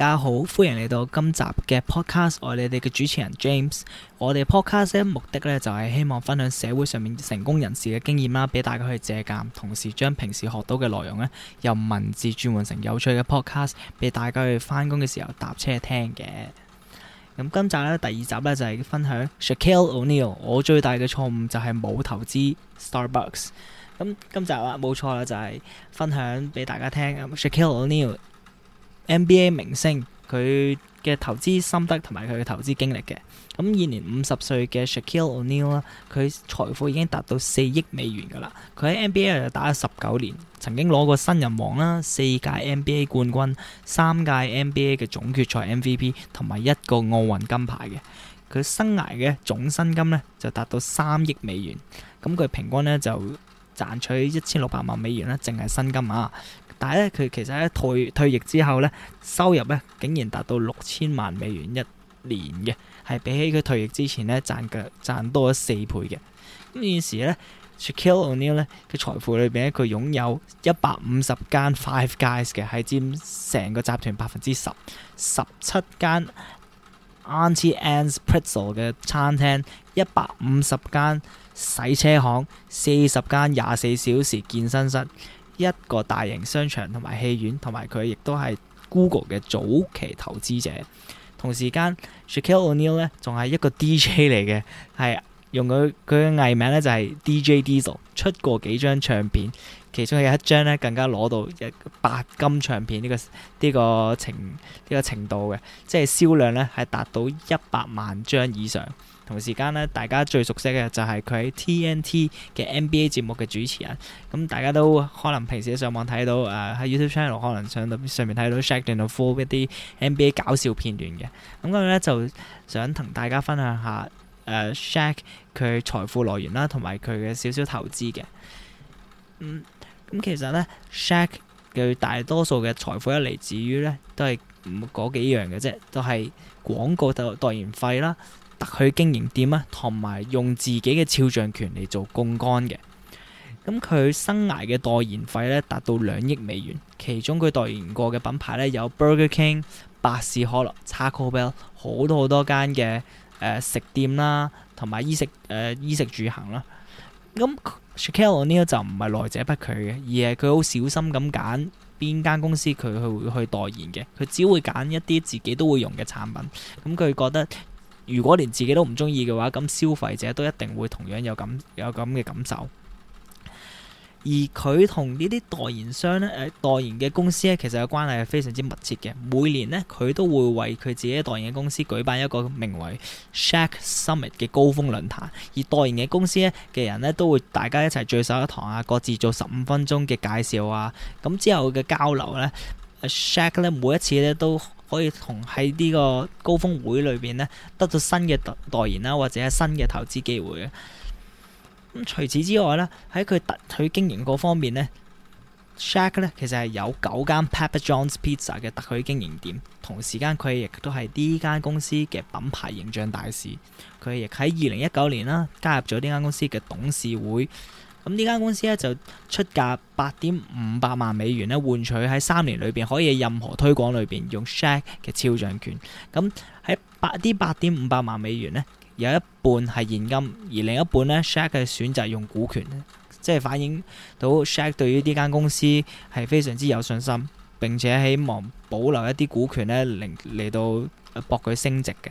大家好，歡迎嚟到今集嘅 podcast，我哋嘅主持人 James，我哋 podcast 嘅目的咧就係希望分享社會上面成功人士嘅經驗啦，俾大家去借鑒，同時將平時學到嘅內容咧由文字轉換成有趣嘅 podcast，俾大家去翻工嘅時候搭車聽嘅。咁今集咧第二集咧就係、是、分享 Shakel o n e a l 我最大嘅錯誤就係冇投資 Starbucks。咁今集啊冇錯啦，就係、是、分享俾大家聽。s h a e l O’Neil。NBA 明星佢嘅投資心得同埋佢嘅投資經歷嘅，咁現年五十歲嘅 Shaquille O’Neal 啦，佢財富已經達到四億美元㗎喇，佢喺 NBA 就打咗十九年，曾經攞過新人王啦，四屆 NBA 冠軍，三屆 NBA 嘅總決賽 MVP 同埋一個奧運金牌嘅，佢生涯嘅總薪金咧就達到三億美元，咁佢平均咧就賺取一千六百萬美元啦，淨係薪金啊！但係咧，佢其實喺退退役之後咧，收入咧竟然達到六千萬美元一年嘅，係比起佢退役之前咧賺嘅賺多咗四倍嘅。咁於是咧，Shaquille O'Neal 咧嘅財富裏邊，佢擁有一百五十間 Five Guys 嘅，係佔成個集團百分之十；十七間 Auntie Anne's Pretzel 嘅餐廳，一百五十間洗車行，四十間廿四小時健身室。一個大型商場同埋戲院，同埋佢亦都係 Google 嘅早期投資者。同時間，Shaquille O’Neal 咧仲係一個 DJ 嚟嘅，係用佢佢嘅藝名咧就係 DJ Diesel，出過幾張唱片，其中有一張咧更加攞到一白金唱片呢、這個呢、這個、程呢、這個、程度嘅，即係銷量咧係達到一百萬張以上。同時間咧，大家最熟悉嘅就係佢喺 TNT 嘅 NBA 節目嘅主持人。咁大家都可能平時上網睇到，誒、呃、喺 YouTube channel 可能上到上，上，上面睇到 Shaqtin' a Fool 一啲 NBA 搞笑片段嘅。咁我咧就想同大家分享一下誒、呃、Shaq 佢財富來源啦，同埋佢嘅少少投資嘅。嗯，咁其實咧 Shaq 佢大多數嘅財富都嚟自於咧，都係嗰幾樣嘅啫，都係廣告代代言費啦。特許經營店啊，同埋用自己嘅肖像權嚟做槓桿嘅。咁佢生涯嘅代言費咧達到兩億美元，其中佢代言過嘅品牌咧有 Burger King、百事可樂、Taco Bell 好多好多間嘅誒、呃、食店啦，同埋衣食誒、呃、衣食住行啦。咁 Shaquille O'Neal 呢就唔係來者不拒嘅，而係佢好小心咁揀邊間公司佢會去代言嘅，佢只會揀一啲自己都會用嘅產品。咁佢覺得。如果連自己都唔中意嘅話，咁消費者都一定會同樣有咁有咁嘅感受。而佢同呢啲代言商咧、誒代言嘅公司咧，其實嘅關係係非常之密切嘅。每年呢，佢都會為佢自己代言嘅公司舉辦一個名為 Shack Summit 嘅高峰論壇，而代言嘅公司咧嘅人呢，都會大家一齊聚首一堂啊，各自做十五分鐘嘅介紹啊，咁之後嘅交流呢。Shaq 咧每一次咧都可以同喺呢個高峰會裏邊咧得到新嘅代言啦，或者係新嘅投資機會嘅。咁除此之外咧，喺佢特許經營嗰方面咧，Shaq 咧其實係有九間 Papa John’s Pizza 嘅特許經營店，同時間佢亦都係呢間公司嘅品牌形象大使。佢亦喺二零一九年啦加入咗呢間公司嘅董事會。咁呢間公司咧就出價八點五百萬美元咧換取喺三年裏面可以任何推廣裏面用 Shaq 嘅肖像權。咁喺八啲八點五百萬美元咧有一半係現金，而另一半咧 Shaq 嘅選擇用股權，即係反映到 Shaq 對於呢間公司係非常之有信心，並且希望保留一啲股權咧，嚟到博佢升值嘅。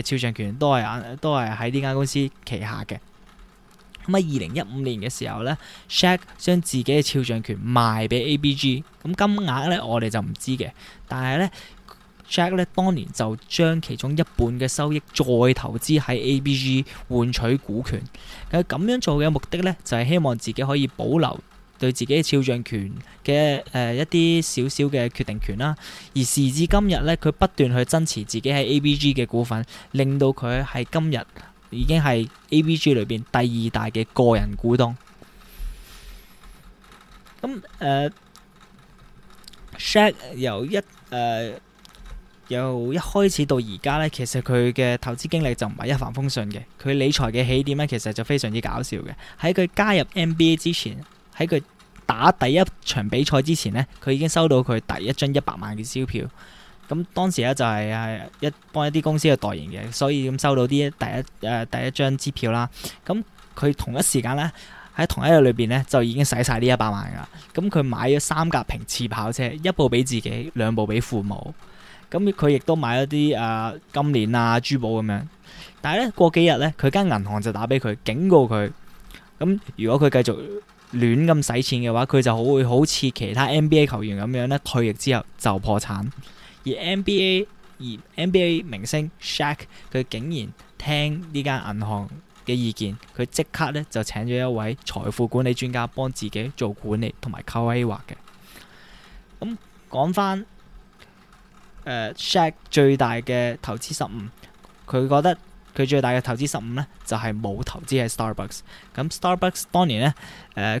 嘅肖像權都係，都係喺呢間公司旗下嘅。咁喺二零一五年嘅時候呢，Shaq 將自己嘅肖像權賣俾 ABG，咁金額呢，我哋就唔知嘅。但係呢 Shaq 呢，當年就將其中一半嘅收益再投資喺 ABG 換取股權。佢咁樣做嘅目的呢，就係、是、希望自己可以保留。對自己嘅肖像權嘅誒、呃、一啲少少嘅決定權啦、啊，而時至今日呢，佢不斷去增持自己喺 A.B.G 嘅股份，令到佢喺今日已經係 A.B.G 裏邊第二大嘅個人股東。咁誒、呃、Shack 由一誒、呃、由一開始到而家呢，其實佢嘅投資經歷就唔係一帆風順嘅。佢理財嘅起點呢，其實就非常之搞笑嘅。喺佢加入 N.B.A 之前。喺佢打第一場比賽之前呢，佢已經收到佢第一張一百萬嘅支票。咁當時咧就係係一幫一啲公司嘅代言嘅，所以咁收到啲第一誒、啊、第一張支票啦。咁佢同一時間呢，喺同一日裏邊呢，就已經使晒呢一百萬㗎。咁佢買咗三架平治跑車，一部俾自己，兩部俾父母。咁佢亦都買咗啲誒金鏈啊、珠寶咁樣。但係咧過幾日呢，佢間銀行就打俾佢警告佢，咁如果佢繼續亂咁使錢嘅話，佢就會好似其他 NBA 球員咁樣咧，退役之後就破產。而 NBA 而 NBA 明星 Shaq 佢竟然聽呢間銀行嘅意見，佢即刻咧就請咗一位財富管理專家幫自己做管理同埋規劃嘅。咁講返誒 Shaq 最大嘅投資失誤，佢覺得。佢最大嘅投資失誤咧，就係、是、冇投資喺 Starbucks。咁 Starbucks 當年咧，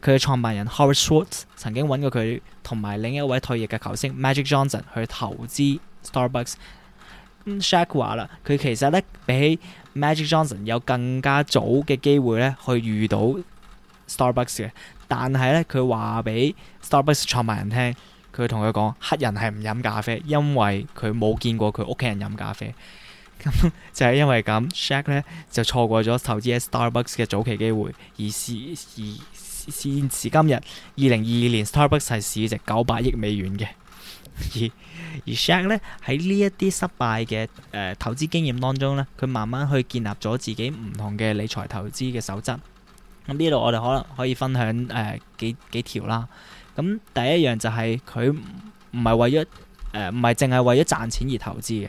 誒佢嘅創辦人 Howard Woods 曾經揾過佢同埋另一位退役嘅球星 Magic Johnson 去投資 Starbucks。咁 Shaq 話啦，佢其實咧比起 Magic Johnson 有更加早嘅機會咧去遇到 Starbucks 嘅，但係咧佢話俾 Starbucks 創辦人聽，佢同佢講黑人係唔飲咖啡，因為佢冇見過佢屋企人飲咖啡。咁 就係因為咁 Shaq 咧就錯過咗投資 Starbucks 嘅早期機會，而是而現時今日二零二二年 Starbucks 係市值九百億美元嘅，而而 Shaq 咧喺呢一啲失敗嘅誒、呃、投資經驗當中咧，佢慢慢去建立咗自己唔同嘅理財投資嘅守則。咁呢度我哋可能可以分享誒、呃、幾幾條啦。咁第一樣就係佢唔係為咗誒唔係淨係為咗賺錢而投資嘅。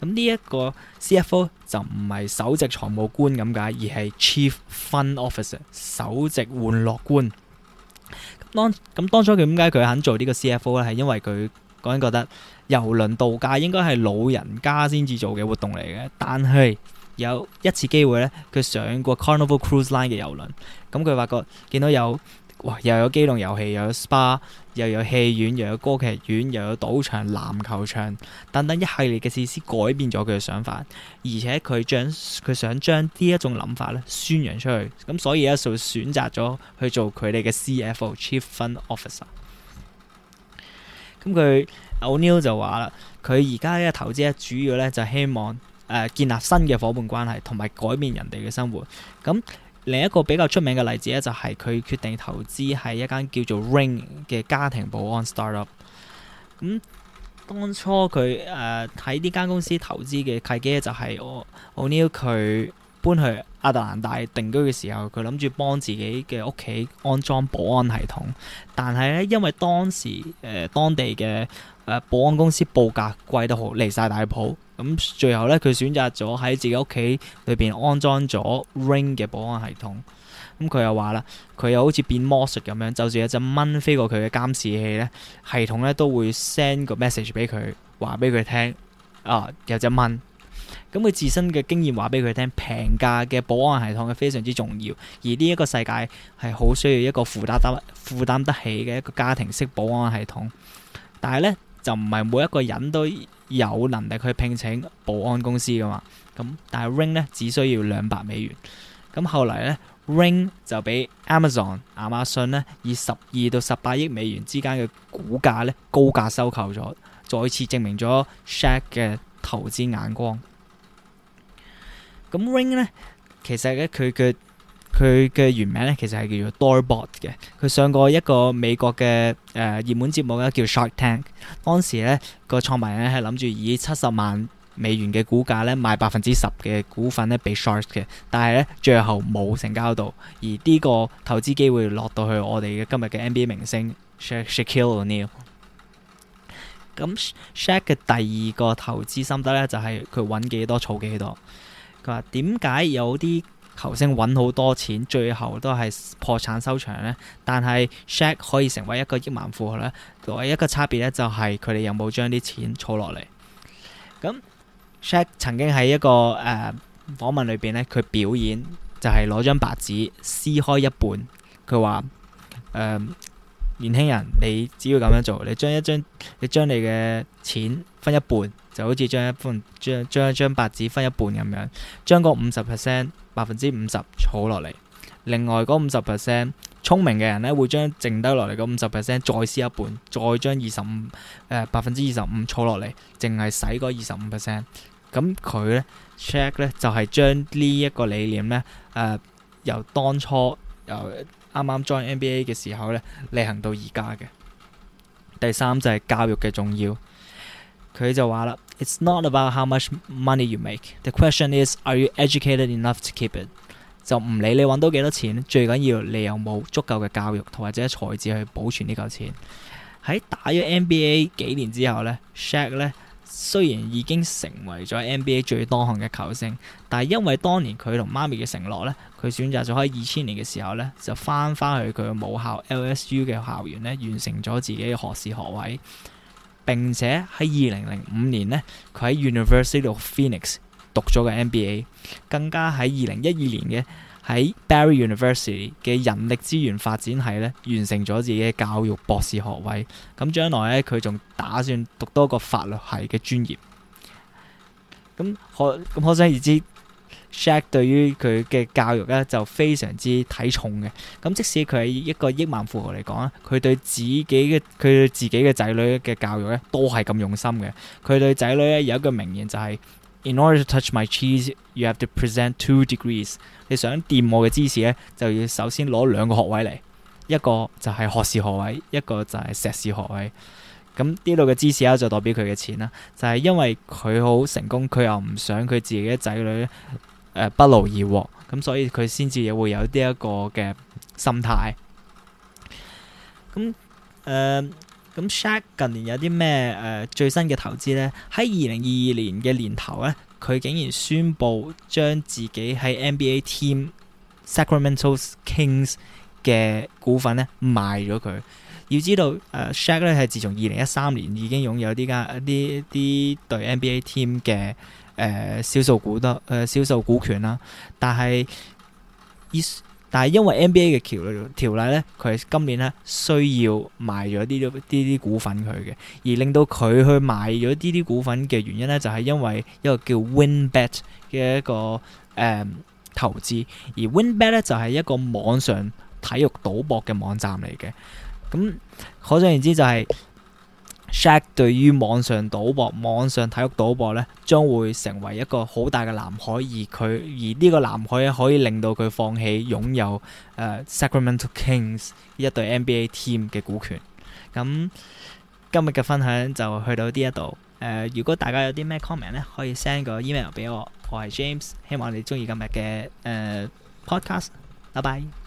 咁呢一個 CFO 就唔係首席財務官咁解，而係 Chief Fun Officer 首席玩樂官。當咁當初佢點解佢肯做呢個 CFO 咧？係因為佢個人覺得遊輪度假應該係老人家先至做嘅活動嚟嘅。但係有一次機會咧，佢上過 Carnival Cruise Line 嘅遊輪，咁佢發覺見到有，又有機動遊戲，又有 SPA，又有戲院，又有歌劇院，又有賭場、籃球場等等一系列嘅設施，改變咗佢嘅想法，而且佢將佢想將呢一種諗法咧宣揚出去，咁所以咧就選擇咗去做佢哋嘅 CFO（Chief Fun Officer）。咁佢 O'Neal 就話啦，佢而家嘅投資咧，主要咧就是希望、呃、建立新嘅伙伴關係，同埋改變人哋嘅生活。咁另一個比較出名嘅例子咧，就係佢決定投資喺一間叫做 Ring 嘅家庭保安 start up。咁當初佢誒喺呢間公司投資嘅契機咧，就係我我 O'Neal 佢搬去亞特蘭大定居嘅時候，佢諗住幫自己嘅屋企安裝保安系統。但係咧，因為當時誒、呃、當地嘅誒、呃、保安公司報價貴到好離晒大譜。咁最後咧，佢選擇咗喺自己屋企裏邊安裝咗 Ring 嘅保安系統。咁佢又話啦，佢又好似變魔術咁樣，就算有隻蚊飛過佢嘅監視器咧，系統咧都會 send 個 message 俾佢，話俾佢聽，啊有隻蚊。咁佢自身嘅經驗話俾佢聽，平價嘅保安系統係非常之重要，而呢一個世界係好需要一個負擔得負擔得起嘅一個家庭式保安系統。但係咧，就唔係每一個人都。有能力去聘請保安公司噶嘛？咁但係 Ring 呢，只需要兩百美元。咁後嚟呢，Ring 就俾 Amazon 亞馬遜呢以十二到十八億美元之間嘅股價呢高價收購咗，再次證明咗 Shaq 嘅投資眼光。咁 Ring 呢，其實咧佢嘅。佢嘅原名咧，其實係叫做 Doorbot 嘅。佢上過一個美國嘅誒熱門節目咧，叫 Shark Tank。當時咧個創辦人咧係諗住以七十萬美元嘅股價咧賣百分之十嘅股份咧俾 Sharks 嘅，但係咧最後冇成交到。而呢個投資機會落到去我哋嘅今日嘅 NBA 明星 Shaquille O'Neal。咁 Shaq 嘅第二個投資心得咧，就係佢揾幾多儲幾多。佢話點解有啲？球星揾好多錢，最後都係破產收場呢，但係 Shaq 可以成為一個億萬富豪呢，唯一一個差別呢，就係佢哋有冇將啲錢儲落嚟。咁 Shaq 曾經喺一個誒、呃、訪問裏邊咧，佢表演就係、是，攞張白紙撕開一半，佢話誒，年輕人，你只要咁樣做，你將一張你將你嘅錢分一半。就好似將一半將將一張白紙分一半咁樣，將嗰五十 percent 百分之五十儲落嚟，另外嗰五十 percent 聰明嘅人咧會將剩低落嚟嗰五十 percent 再撕一半，再將二十五誒百分之二十五儲落嚟，淨係使嗰二十五 percent。咁佢咧 check 咧就係將呢一個理念咧誒、呃、由當初由啱啱 join NBA 嘅時候咧，履行到而家嘅。第三就係教育嘅重要。佢就話啦：，It's not about how much money you make. The question is，are you educated enough to keep it？就唔理你揾到幾多錢，最緊要你有冇足夠嘅教育同或者才智去保存呢嚿錢。喺打咗 NBA 幾年之後呢 Shaq 咧雖然已經成為咗 NBA 最多項嘅球星，但係因為當年佢同媽咪嘅承諾呢，佢選擇咗喺二千年嘅時候呢，就翻返去佢嘅母校 LSU 嘅校園，完成咗自己嘅學士學位。並且喺二零零五年呢，佢喺 University of Phoenix 讀咗個 MBA，更加喺二零一二年嘅喺 Barry University 嘅人力資源發展系呢，完成咗自己嘅教育博士學位。咁將來呢，佢仲打算讀多個法律系嘅專業。咁可咁可想而知。Jack 對於佢嘅教育咧就非常之睇重嘅，咁即使佢係一個億萬富豪嚟講啊，佢對自己嘅佢對自己嘅仔女嘅教育咧都係咁用心嘅。佢對仔女咧有一句名言就係：In order to touch my cheese, you have to present two degrees。你想掂我嘅芝士咧，就要首先攞兩個學位嚟，一個就係學士學位，一個就係碩士學位。咁呢度嘅芝士咧就代表佢嘅錢啦。就係因為佢好成功，佢又唔想佢自己嘅仔女呃、不勞而獲，咁所以佢先至會有呢一個嘅心態。咁誒，咁、呃、Shaq 近年有啲咩誒最新嘅投資呢？喺二零二二年嘅年頭呢，佢竟然宣布將自己喺 NBA team Sacramento Kings 嘅股份呢賣咗佢。要知道誒，Shaq 咧係自從二零一三年已經擁有呢家一啲一啲對 NBA team 嘅。誒、呃，銷售股多誒，銷、呃、售股權啦。但係，依但係因為 NBA 嘅條例條例咧，佢今年咧需要賣咗啲啲啲股份佢嘅，而令到佢去賣咗啲啲股份嘅原因咧，就係、是、因為一個叫 WinBet 嘅一個誒、呃、投資，而 WinBet 咧就係、是、一個網上體育賭博嘅網站嚟嘅。咁可想而知就係、是。Shaq 對於網上賭博、網上體育賭博咧，將會成為一個好大嘅藍海，而佢而呢個藍海可以令到佢放棄擁有誒、呃、Sacramento Kings 一隊 NBA team 嘅股權。咁今日嘅分享就去到呢一度。誒、呃，如果大家有啲咩 comment 咧，可以 send 個 email 俾我。我係 James，希望你中意今日嘅誒 podcast。Bye bye。拜拜。